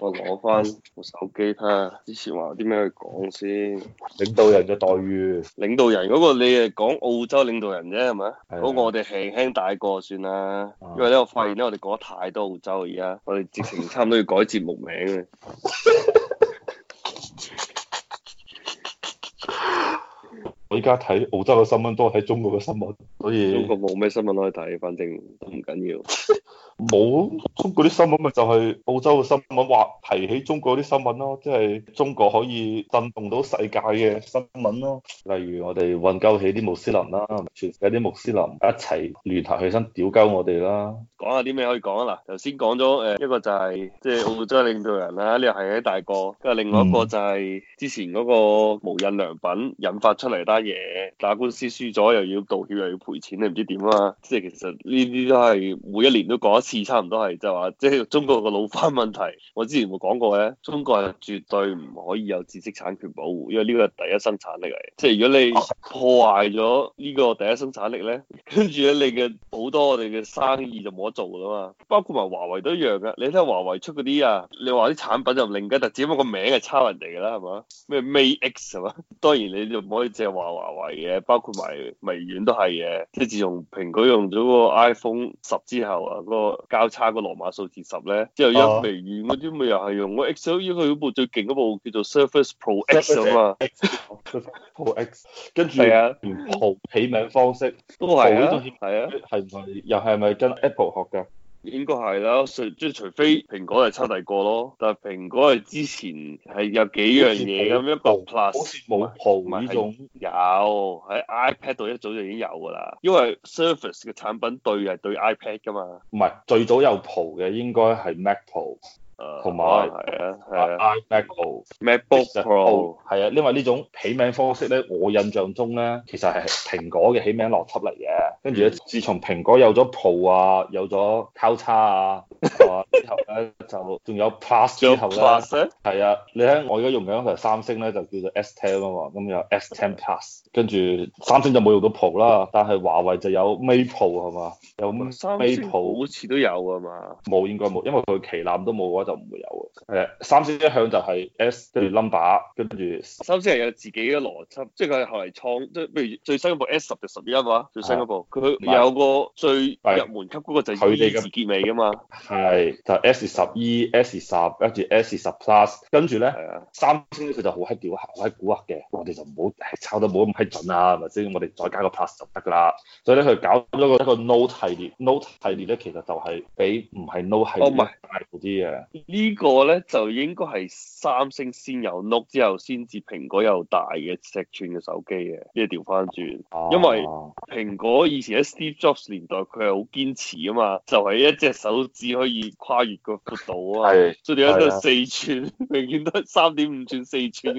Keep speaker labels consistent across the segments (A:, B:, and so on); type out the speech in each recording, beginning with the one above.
A: 我攞翻部手機睇下，看看之前話有啲咩去講先？領導人嘅待遇？領導人嗰個你係講澳洲領導人啫，係咪？嗰、啊、個我哋輕輕帶過算啦。啊、因為咧，我發現咧，我哋講得太多澳洲而家，我哋直情差唔多要改節目名。
B: 依家睇澳洲嘅新聞都係睇中國嘅新聞，所以中國冇咩新聞可以睇，反正唔緊要。冇， 中國啲新聞咪就係澳洲嘅新聞話提起中國啲新聞咯，即係中國可以震動到世界嘅新聞咯。例如我哋混鳩起啲穆斯林啦，全世界啲穆斯林一齊聯合起身屌鳩我哋啦。
A: 講下啲咩可以講啊？嗱，頭先講咗誒一個就係即係澳洲領導人啦，呢又係喺大個，跟住另外一個就係之前嗰個無印良品引發出嚟啦。嘢、yeah，打官司輸咗又要道歉又要賠錢，你唔知點啊！即係其實呢啲都係每一年都講一次，差唔多係就話，即係中國個老翻問題。我之前咪講過嘅，中國係絕對唔可以有知識產權保護，因為呢個係第一生產力嚟。即係如果你破壞咗呢個第一生產力咧，跟住咧你嘅好多我哋嘅生意就冇得做噶嘛。包括埋華為都一樣噶。你睇下華為出嗰啲啊，你話啲產品就另加特，只不過個名係抄人哋㗎啦，係嘛？咩 Mate X 係嘛？當然你就唔可以淨係話。華為嘅，包括埋微軟都係嘅，即係自從蘋果用咗嗰個 iPhone 十之後啊，嗰、嗰個交叉個羅馬數字十咧，之後一、啊、微軟嗰啲咪又係用，我 XO 因為佢嗰部最勁嗰部叫做 Surface Pro X 啊嘛
B: ，Pro X，跟住係啊 p r 起名方式都係啊，係唔係又係咪跟 Apple 學噶？
A: 應該係啦，除即係除非蘋果係出第二過咯，但係蘋果係之前係有幾樣嘢，咁，一個 Plus
B: 冇 Pro 唔係，
A: 有喺 iPad 度一早就已經有噶啦，因為 Surface 嘅產品對係對 iPad 噶嘛。
B: 唔係最早有 Pro 嘅應該係 Mac Pro。同埋係啊，係啊，iMac Pro，MacBook Pro，係啊，因為呢種起名方式咧，我印象中咧，其實係蘋果嘅起名邏輯嚟嘅。跟住咧，自從蘋果有咗 Pro 啊，有咗交叉啊。 之後咧，就仲有 Plus 之後咧，係啊，你睇我而家用緊嗰台三星咧，就叫做 S10 啊嘛，咁有 S10 Plus，跟住三星就冇用到 Pro 啦，但係華為就有 Mate Pro 係嘛？有咩？
A: 三星好
B: 似都有啊嘛，冇，應該冇，因為佢旗艦都冇嘅話就唔會有啊。誒，三星一向就係 S 就 number，跟住 number，跟住
A: 三星係有自己嘅邏輯，即係佢後嚟創，即係譬如最新嗰部 S 十就十一啊嘛。最新嗰部佢有個最入門級嗰個就以字結尾㗎嘛，
B: 係。S 十 E、S 十、S 跟住 S 十 Plus，跟住咧，三星咧佢就好閪屌、好閪古惑嘅，我哋就唔好抄得冇咁批准啦，係咪先？我哋再加個 Plus 就得噶啦。所以咧佢搞咗個一個 Note 系列，Note 系列咧其實就係比唔係 Note 系列、哦、大啲嘅。個呢個咧
A: 就應該係三星先有 Note 之後先至蘋果有大嘅尺寸嘅手機嘅，呢、這個調翻轉。啊、因為蘋果以前喺 Steve Jobs 年代佢係好堅持啊嘛，就係、是、一隻手指可以跨。越個幅度啊，最屘有得四吋，永遠都三點五吋、四吋。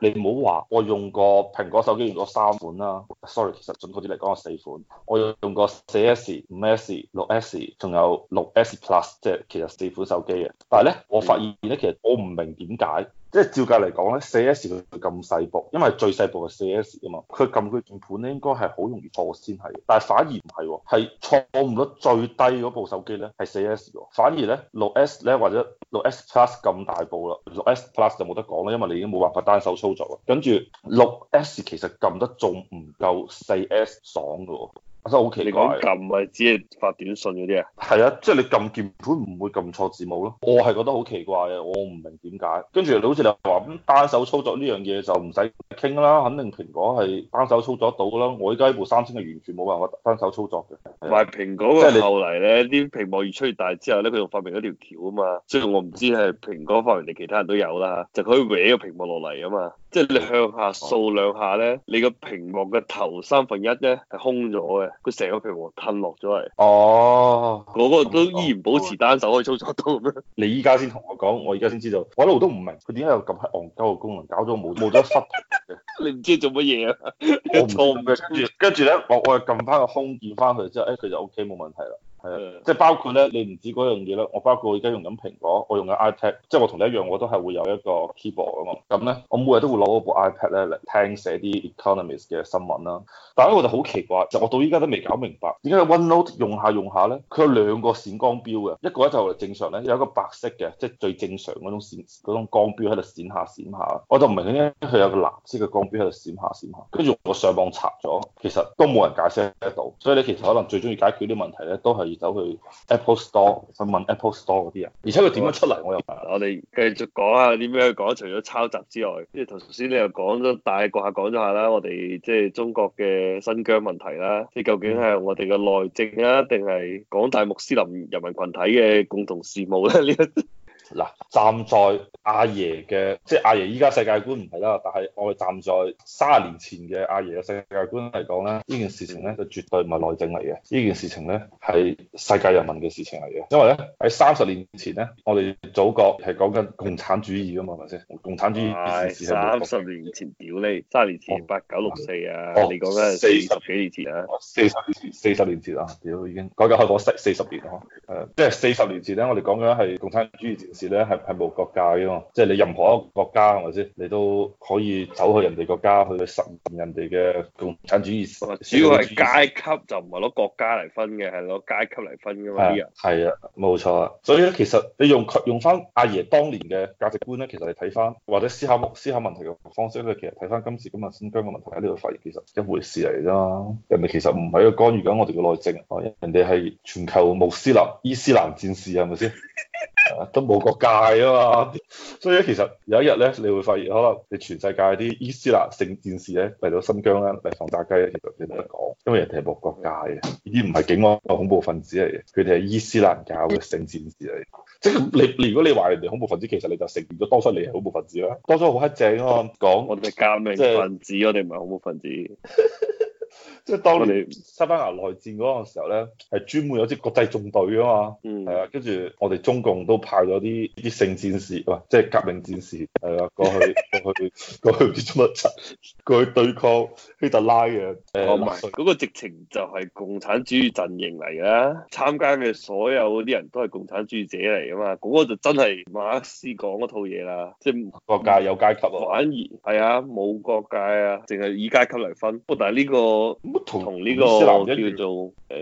B: 你唔好話我用過蘋果手機用、啊，用咗三款啦，sorry，其實準確啲嚟講係四款。我用用過四 S、五 S、六 S，仲有六 S Plus，即係其實四款手機嘅。但係咧，我發現咧，是的 其實我唔明點解。即係照計嚟講咧，四 s 佢咁細部，因為最細部係四 s 㗎嘛，佢撳佢鍵盤咧，應該係好容易錯先係，但係反而唔係喎，係錯誤率最低嗰部手機咧係四 s 喎，反而咧六 s 咧或者六 s Plus 咁大部啦，六 s Plus 就冇得講啦，因為你已經冇辦法單手操作啦，跟住六 s 其實撳得仲唔夠四 s 爽嘅喎。真係好奇怪，你講撳係只係發短信嗰啲啊？係啊，即係你撳鍵盤唔會撳錯字母咯。我係覺得好奇怪嘅，我唔明點解。跟住好似你話咁單手操作呢樣嘢就唔使傾啦，肯定蘋果係單手操作得到啦。我依家呢部三星係完全冇辦法單手操作嘅。同埋、啊、蘋果嘅
A: 後嚟咧，啲屏幕越出越大之後咧，佢又發明咗條橋啊嘛。雖然我唔知係蘋果發明定其他人都有啦，就可以搲個屏幕落嚟啊嘛。即係你向下掃兩下咧，哦、你個屏幕嘅頭三分一咧係空咗嘅，佢成個屏幕褪落咗嚟。
B: 哦，
A: 嗰個都依然保持單手可以操作到咩？
B: 你依家先同我講，我而家先知道，我一路都唔明佢點解有咁黑戇鳩嘅功能，搞到冇冇咗一忽嘅，你唔知做乜嘢啊？我唔明，跟住跟住咧，我我又撳翻個空鍵翻去之後，誒、欸，佢就 OK 冇問題啦。係即係包括咧，你唔知嗰樣嘢啦。我包括我而家用緊蘋果，我用緊 iPad，即係我同你一樣，我都係會有一個 keyboard 啊嘛。咁咧，我每日都會攞部 iPad 咧嚟聽寫啲 Economist 嘅新聞啦。但係咧，我就好奇怪，就我到依家都未搞明白，點解 OneNote 用下用下咧，佢有兩個閃光標嘅，一個咧就正常咧，有一個白色嘅，即係最正常嗰種閃嗰種光標喺度閃下閃下。我就唔明點解佢有個藍色嘅光標喺度閃下閃下。跟住我上網查咗，其實都冇人解釋得到。所以你其實可能最中意解決啲問題咧，都係。走去 Apple Store，想問 Apple Store 嗰啲人，而且佢點樣出嚟我又。我哋
A: 繼續講下點樣講，除咗抄襲之外，即係頭先你又講咗大國下講咗下啦，我哋即係中國嘅新疆問題啦，即係究竟係我哋嘅內政啦，定係
B: 廣大穆斯林人民群體嘅共同事務咧？呢 一嗱，站在阿爺嘅，即係阿爺依家世界觀唔係啦，但係我哋站在三十年前嘅阿爺嘅世界觀嚟講咧，呢件事情咧就絕對唔係內政嚟嘅，呢件事情咧係世界人民嘅事情嚟嘅，因為咧喺三十年前咧，我哋祖國係講緊共產主義啊嘛，係咪先？共產主義事。三十年前屌你，三十年前八九六四啊，我哋講緊四十幾年前啊，四十年前，四十年前啊，屌已經改革開放四四十年啊，誒、呃，即係四十年前咧，我哋講緊係共產主義事咧係係冇國界嘅嘛，即係你任何一個國家係咪先？你都可以走去人哋國家，去實現人哋嘅共產主義。主要係階級主義，
A: 主義就唔係攞國家嚟分嘅，係攞階
B: 級嚟分㗎嘛，啲係啊，冇錯啊。所以咧，其實你用佢用翻阿爺當年嘅價值觀咧，其實你睇翻或者思考思考問題嘅方式咧，其實睇翻今次今日新疆嘅問題，喺呢度發現其實一回事嚟啦。人哋其實唔係去干預緊我哋嘅內政，人哋係全球穆斯林伊斯蘭戰士係咪先？是 都冇國界啊嘛，所以咧，其實有一日咧，你會發現可能你全世界啲伊斯蘭聖戰士咧嚟到新疆咧嚟放炸雞咧，其實你都係講，因為人哋係冇國界嘅，依啲唔係警安恐怖分子嚟嘅，佢哋係伊斯蘭教嘅聖戰士嚟，即係你，如果你話人哋恐怖分子，其實你就承認咗當初你係恐怖分子啦，當初好黑正啊，講我哋革命分子，就係、我哋唔係恐怖分子。 即係當年西班牙內戰嗰個時候咧，係專門有支國際縱隊啊嘛，嗯，係啊，跟住我哋中共都派咗啲啲聖戰士，哇，即係革命戰士，係啊，過去。 佢佢唔做乜，佢 去對抗希特拉嘅、uh, 瑞。哦，唔係，
A: 嗰個直情就係共產主義陣營嚟嘅、啊，參加嘅所有啲人都係共產主義者嚟啊嘛。嗰、嗰個就真係馬克思講嗰套嘢啦，即係國界有階級、啊，反而係啊冇國界啊，淨係以階級嚟分。不過但係呢、呢個同呢麼、呢個叫做誒、呃、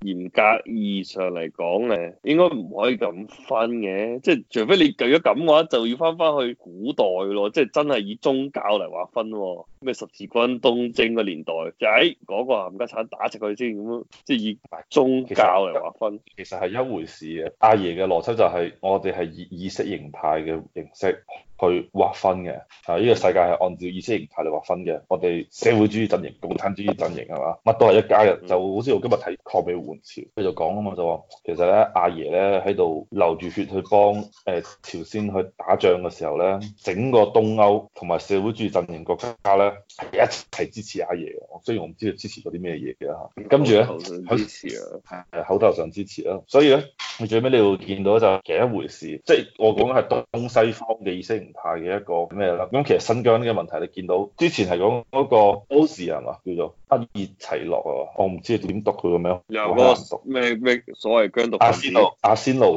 A: 嚴格意義上嚟講咧，應該唔可以咁分嘅，即係除非你如咗咁話，就要翻翻去古代咯，即係真係以宗教嚟劃分，啊，咩十字軍
B: 東征個年代，就喺嗰個阿冚家鏟打直佢先，咁樣。即係以宗教嚟劃分其，其實係一回事嘅。阿爺嘅邏輯就係我哋係以意識形態嘅形式。去劃分嘅，啊呢、這個世界係按照意識形態嚟劃分嘅。我哋社會主義陣營、共產主義陣營係嘛？乜都係一家人，就好似我今日提抗美援朝，佢就講啊嘛，就話其實咧，阿爺咧喺度流住血去幫誒朝鮮去打仗嘅時候咧，整個東歐同埋社會主義陣營國家咧係一齊支持阿爺嘅。雖然我唔知道支持咗啲咩嘢嘅嚇。跟住咧，支持啊，係口、嗯、口頭上支持啦、嗯。所以咧，你最尾你會見到就係其一回事，即、就、係、是、我講嘅係東西方嘅意識。派嘅一個咩啦？咁其實新疆呢個問題，你見到之前係講嗰個奧斯係嘛，叫做阿熱齊諾啊，我唔知你點讀佢、嗰個名。有個
A: 咩咩所謂疆獨阿仙奴？
B: 阿仙奴嘅一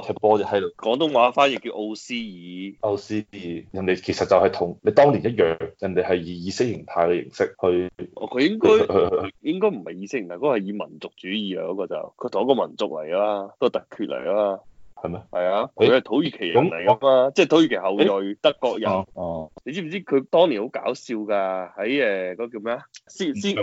B: 個踢、哦、波就喺
A: 度。廣東話翻譯叫奧
B: 斯爾。奧斯爾，人哋其實就係同你當年一樣，人哋係以意識形態嘅形式去。
A: 佢、哦、應該 應該唔係意識形態，嗰、嗰個係以民族主義啊，嗰、嗰個就佢同一個民族嚟啊，嗰個特厥嚟啊。。係咩？係啊，佢係土耳其人嚟噶，嘛、欸，即係土耳其後裔、欸，德國人。哦、啊，啊、你知唔知佢當年好搞笑噶？喺誒嗰個叫咩啊？先先斯。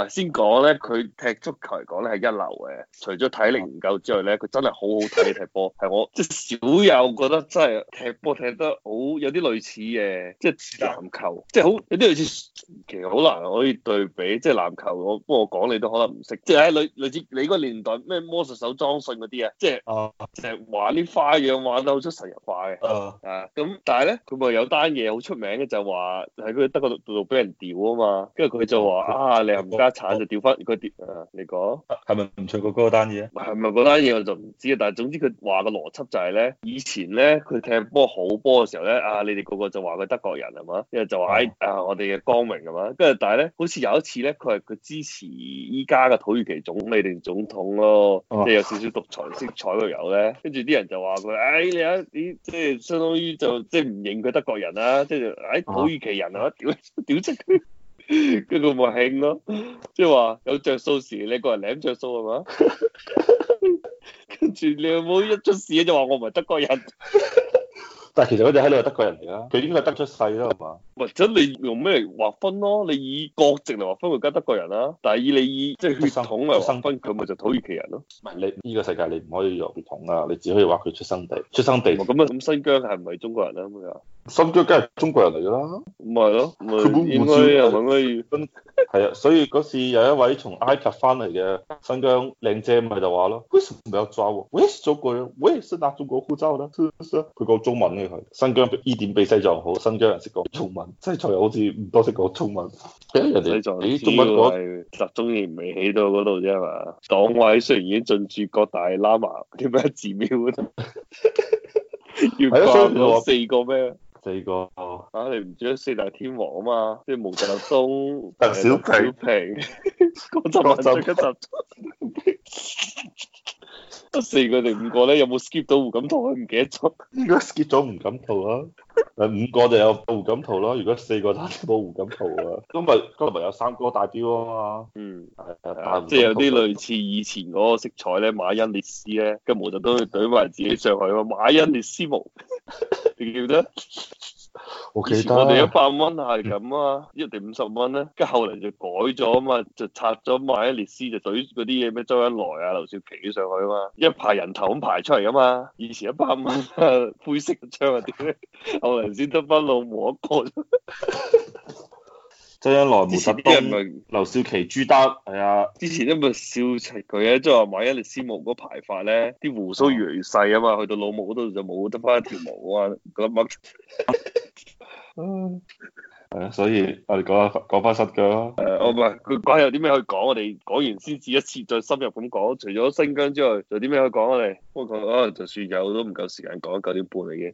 A: 唔先講咧，佢踢足球嚟講咧係一流嘅，除咗體力唔夠之外咧，佢真係好好睇 踢波，係我即係少有覺得真係踢波踢得好有啲類似嘅，即係籃球，即係好有啲類似，其實好難可以對比，即係籃球。我不過講你都可能唔識，即係喺類類似你嗰年代咩？魔術手莊信嗰啲啊，即係哦，就係玩啲花樣，玩得好出神入化嘅，uh. 啊咁。但係咧，佢咪有單嘢好出名嘅，就係話喺嗰個德國度度俾人屌啊嘛。跟住佢就話啊，你係家產好就調翻佢跌你講
B: 係咪唔唱個歌單嘢咧？
A: 係咪個單嘢我就唔知啊！但係總之佢話個邏輯就係、是、咧，以前咧佢踢波好波嘅時候咧，啊你哋個個就話佢德國人係嘛，跟住就話誒啊，啊我哋嘅光榮係嘛，跟住但係咧好似有一次咧，佢係佢支持依家嘅土耳其總理定總統咯，即係、啊、有少少獨裁色彩嘅時候咧，跟住啲人就話佢誒你一、啊、咦，即係、就是、相當於就即係唔認佢德國人啦、啊，即係誒土耳其人啊，屌屌即。跟住咪興咯，即係話有着數時，你個人舐着數係嘛？跟 住你有冇一出事就話我唔係德國人？
B: 但係其實嗰哋喺度係德國人嚟㗎，佢應該係得出世啦係嘛？
A: 或者、就是、你用咩嚟劃分咯、啊？
B: 你以國籍嚟劃分而、啊、家德國人啦、啊，但係以你以即係血統嚟劃分，佢咪就土耳其人咯、啊？唔係你依、呢個世界你唔可以用血統啊，你只可以話佢出生地、出生地。咁啊、嗯，咁新疆係唔係中國人啊？咁佢新疆梗係中國人嚟噶啦，咪係咯，佢本護照係啊，所以嗰時有一位從埃及翻嚟嘅新疆靚姐咪就話咯：，為什麼有抓我？喂，中國人，我也是拿中國護照啦，佢講中文嘅佢，新疆比伊甸比西藏好，新疆人識講中文，西藏又好似唔多識講中文。人哋西藏主要係
A: 集中營未起到嗰度啫嘛，黨委雖然已經進駐各，大喇嘛，埋啲咩寺廟要掛咗四個咩？四個啊！你唔知四大天王啊嘛，即係毛澤東、鄧 小平。講 集。
B: 四個定五個咧？有冇 skip 到胡錦濤啊？唔記得咗。如果 skip 咗胡錦濤啊，誒， 五個就有胡錦濤咯。如果四個就冇胡錦濤啊。今日今日有三個代表啊嘛。嗯，係啊，即係有啲
A: 類似以前嗰個色彩咧，馬恩列斯咧，跟毛澤東懟埋自己上去咯，馬恩列斯毛。 點得？啫、啊？以前我哋一百蚊係咁啊，嗯、一定五十蚊咧，跟住後嚟就改咗啊嘛，就拆咗《邁阿列斯》就對，就懟嗰啲嘢咩周恩來啊、劉少奇上去啊嘛，一排人頭咁排出嚟啊嘛，以前一百蚊啊灰色嘅槍啊，屌，後嚟先得翻老一款。 周恩來、毛澤東、劉少奇朱、朱德，係啊。之前都咪笑齊佢咧，即係話買一粒絲毛嗰排發咧，啲胡鬚越嚟越細啊嘛，去到老毛嗰度就冇得翻一條毛
B: 啊，覺得乜？係啊， 所以我哋講下講翻實嘅咯。誒、啊，我唔係
A: 佢講有啲咩可以講，我哋講完先至一次再深入咁講。除咗新疆之外，仲有啲咩可以講我哋？不過可能就算有都唔夠時間講，九點半嚟嘅。